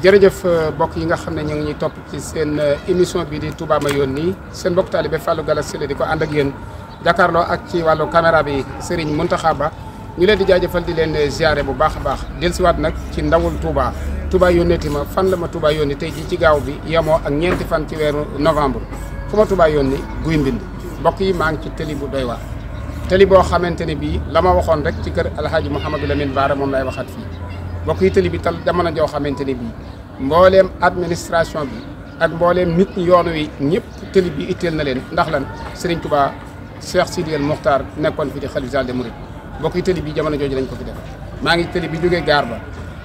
jërëjëf euh, mbokk yi nga xam ne ñu ngi ñuy topp ci seen euh, émission bi di Touba ma yónni seen mbokk taalibe Fallou Galass Syll di ko ànd ak yéen jàkkaarloo ak ci wàllu caméra bi Serigne Mountakha Ba ñu leen di jaajëfal di leen euh, ziare bu baax a baax dellusiwaat nag ci ndawul tuubaa Touba Touba yónneeti ma fan la ma Touba yónni tey jii ci gaaw bi yemoo ak ñeenti fan ci weeru novembre fu ma Touba yónni guy mbind mbokk yi maa ngi ci tëli bu doy waar tëli boo xamante ne bii la ma waxoon rek ci kër Alhaji Mouhamadou Lamine Bara moom lay waxaat fii mbokk yi tali bi tal jamono joo xamante ne bii mbooleem administration bi ak mbooleem nit ñi yoon wi ñëpp tali bi itteel na leen ndax lan Serigne Touba Cheikh Sidi El Mokhtar nekkoon fi di xalifa général des mourides mbokk yi tali bi jamono jooju lañ ko fi defal maa ngi tali bi jógee gaar ba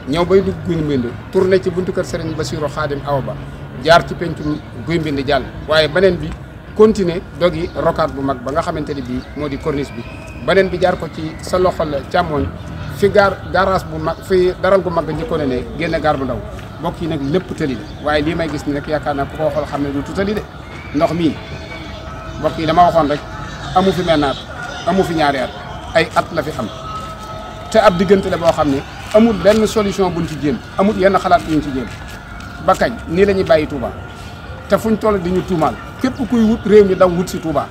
ñëw bay dugg Guy Mbind tourné ci buntu kër Serigne Bassirou Khadim Awa Ba jaar ci pencum Guy Mbind jàll waaye beneen bi continuer dog yi rocade bu mag ba nga xamante ne bii moo di corniche bi beneen bi jaar ko ci sa loxol càmmooñ fi gaar gaaraas bu mag fi daral gu mag njëkkoon ne ne génne gaar bu ndaw mbokk yi nag lépp tëli la waaye lii may gis ni nag yaakaar naa ku ko xool xam ne du tutali de ndox mii mbokk yi dama waxoon rek amu fi mennaat amu fi ñaari at ay at la fi am te ab diggante la boo xam ne amul benn solution buñ ci jéem amul yenn xalaat yuñ ci jéem ba nii lañu ñuy bàyyi Touba te fuñ toll di ñu tuumaal képp kuy wut réew mi daw wut si Touba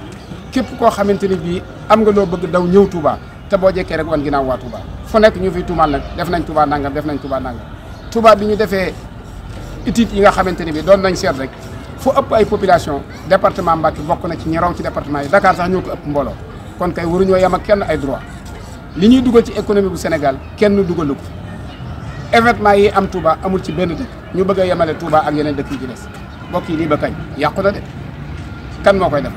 képp koo xamante ni bii am nga loo bëgg daw ñëw Touba te boo jekkee rek wan ginnaaw waa Touba fu nekk ñu fi tuumaal def nañ Touba nangam def nañ Touba nangam Touba bi ñu defee études yi nga xamante ne bi doon nañ seet rek foo ëpp ay population département Mbacké bokk na ci ñi ci département yi Dakar sax ñoo ko ëpp mbooloo kon kay waruñoo yem ak kenn ay droit li ñuy dugal ci économie bu Sénégal kenn dugalu ko événement yi am Touba amul ci benn dëkk ñu bëgg a yemale Touba ak yeneen dëkk yi ci des mbokk yi nii ba kañ yàqu na kan moo koy defar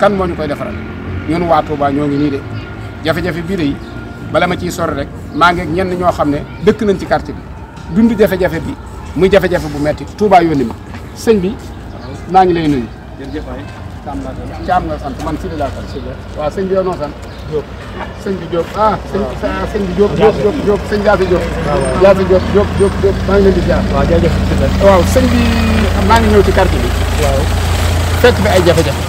kan moo ñu koy defaral ñun waa Touba ñoo ngi nii de jafe-jafe bii rëy bala ma ci sori rek maa ngi ak ñoo xam ne dëkk nañ ci karti bi dund jafe-jafe bi muy jafe-jafe bu metti Touba yónni ma sëñ bi maa ngi lay nuyu. jërëjëf waay Thiam laa sant sant man Sidi laa sant. waaw sëñ bi yow noo sëñ bi Diop ah. waaw sëñ bi Diop Diop Diop Diop sëñ Dia Sy Diop. waaw maa ngi leen di jaar. waaw jaajëf waaw sëñ maa ngi ñëw ci quartier bi. waaw fekk bi ay jafe-jafe.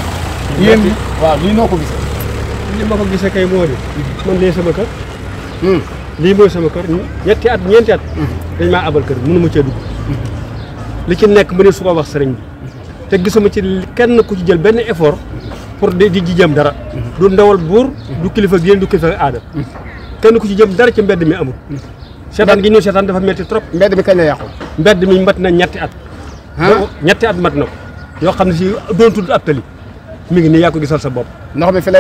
yéen waaw lii noo ko gisee. li ma ko gisee kay moo di mhm. man lii sama kër hmm. lii mooy sama kër ñetti at ñeenti at hmm. dañ maa abal kër mënu ma cee dugg hmm. li ci nekk mu ne su ko wax sëriñ bi te gisuma ci kenn ku ci jël benn effort pour di di jëm dara du ndawal buur du kilifa génn du kilifa aada kenn ku ci jëm dara ci mbedd mi amul seetaan gi ñu seetaan dafa metti trop mbedd mi kañ la yàqu mbedd mi mat na ñetti at ñetti at mat na ko yoo xam ne si doon tudd ab tali mi ngi nii yaa gisal sa bopp ndox mi fi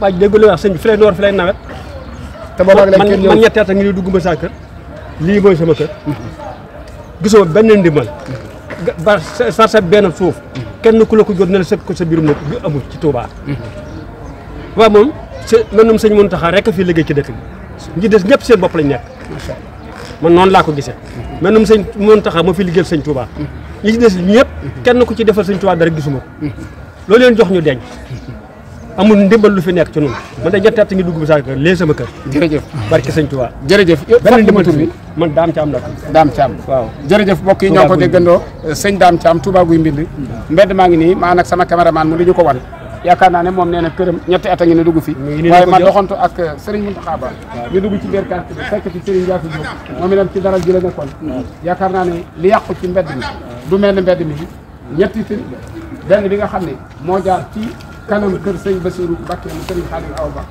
waa ji dégg li wax sëñ bi fi lay noor fi lay nawet. te boobaag léegi kenn man ñetti at a ngi nii dugguma saa kër. lii mooy sama kër. gisoo benn ndimbal. ba sar benn suuf. kenn ku la ko jot ne la ko sa biirum nag bi amul ci Touba. waaw moom sa man moom sëñ Mountakha rek a fi liggéey ci dëkk bi. ñi des ñëpp seen bopp lañ nekk. man noonu laa ko gisee. man moom sëñ Mountakha moo fi liggéeyal sëñ Touba. ñi des ñëpp kenn ku ci defal sëñ Touba dara gisuma ko. Mm-hmm. loolu leen jox ñu denc. amul ndimbal lu fi nekk ci noonu man de ñetti at ngi dugg bi saa kër léegi sama kër jërëjëf barke sëñ Tuubaa jërëjëf benn ndimbal bi jërëjëf mbokk yi ñoo ko déggandoo sëñ Dame Thiam Touba guy mbind mbedd maa ngi nii maa nag sama caméraman mu li ñu ko wan yaakaar naa ne moom nee këram ñetti at ngi ne dugg fi waaye ma doxantu ak Serigne Mountakha Ba ñu dugg ci biir quartier bi fekk fi Serigne Ndiaye Diop moom itam ci dara ji yaakaar naa ne li ci mbedd mi du mel mbedd mi ñetti benn bi nga xam ne moo jaar ci kanam kër sëñ Basiru Mbàkke mu sëriñ Xaadim Awa Ba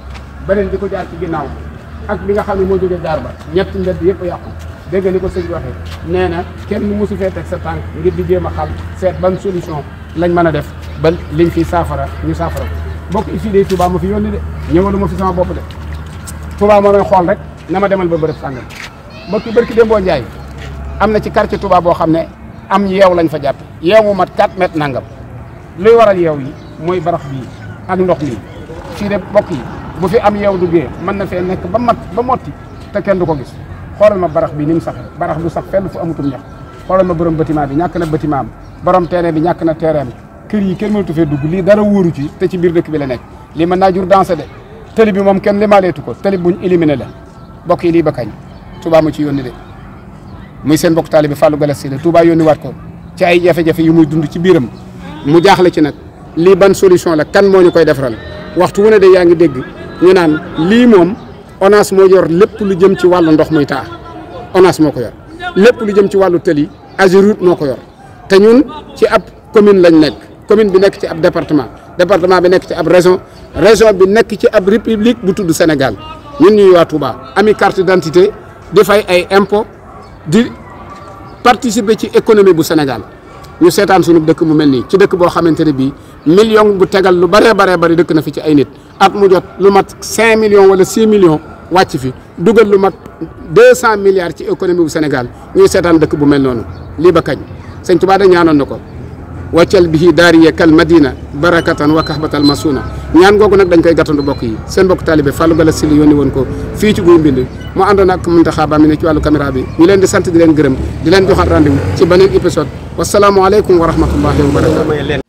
beneen di ko jaar ci ginnaaw ak bi nga xam ne moo jógee jaar ba ñett mbedd yëpp yàqu dégg ni ko sëñ waxee nee na kenn mosu fee teg sa tànk ngir di jéem a xam seet ban solution lañ mën a def ba liñ fi saafara ñu saafara ko bokk fii de Touba ma fi yónni de ñëwalu ma fi sama bopp de Touba ma doon xool rek na ma demal ba bërëb sàngam mbokki bërki Dembo Ndiaye am na ci quartier Touba boo xam ne am yeew lañ fa jàpp yeew mu mat 4 nangam luy waral yeew yi mooy barax bii ak ndox mi fii de bokk yi bu fi am yow duggee mën na fee nekk ba mat ba motti te kenn du ko gis xoolal ma barax bi ni mu sax barax bi sax fenn fu amutum ñax xoolal ma borom bâtiment bi ñàkk na bâtiment am borom terrain bi ñàkk na terrain bi kër yi kenn mënatu fee dugg lii dara wóoru ci te ci biir dëkk bi la nekk lii mën naa jur danse de tëli bi moom kenn limaaleetu ko tëli buñ éliminé la bokk yi lii ba kañ Touba mu ci yónni de muy seen bokk taalibe Fallou Galass Syll Touba yónni waat ko ci ay jafe muy dund ci biiram mu jaaxle ci nag lii ban solution la kan moo ñu koy defaral waxtu wu ne de yaa ngi dégg ñu naan lii moom ONAS moo yor lépp lu jëm ci wàllu ndox muy taa ONAS moo ko yor lépp lu jëm ci wàllu tëli AGEROUTE moo ko yor te ñun ci ab commune lañ nekk commune bi nekk ci ab département département bi nekk ci ab région région bi nekk ci ab république bu tudd Sénégal ñun ñuy waa Touba ami carte d'identité di fay ay impôt di participer ci économie bu Sénégal ñu seetaan suñu dëkk mu mel nii ci dëkk boo xamante ne bii million bu tegal lu baree bare bari dëkk na fi ci ay nit at mu jot lu mat cinq millions wala six millions wàcc fi dugal lu mat deux cent milliards ci économie bu Sénégal ñu seetaan dëkk bu mel noonu lii ba kañ sëñ Tuubaa da ñaanoon na ko waccal bihi daariya kal madina barakatan wa kahbatal masuna ñaan googu nag dañ koy gàttandu bokk yi seen mbokk taalibe Fallou Galass Syll yónni woon ko fii ci guy mbind mu àndoon ak Mountakha Ba mi ne ci wàllu caméra ñu leen di sant di leen gërëm di leen joxaat rendez-vous ci beneen épisode wasalaamualeykum wa rahmatullahi wa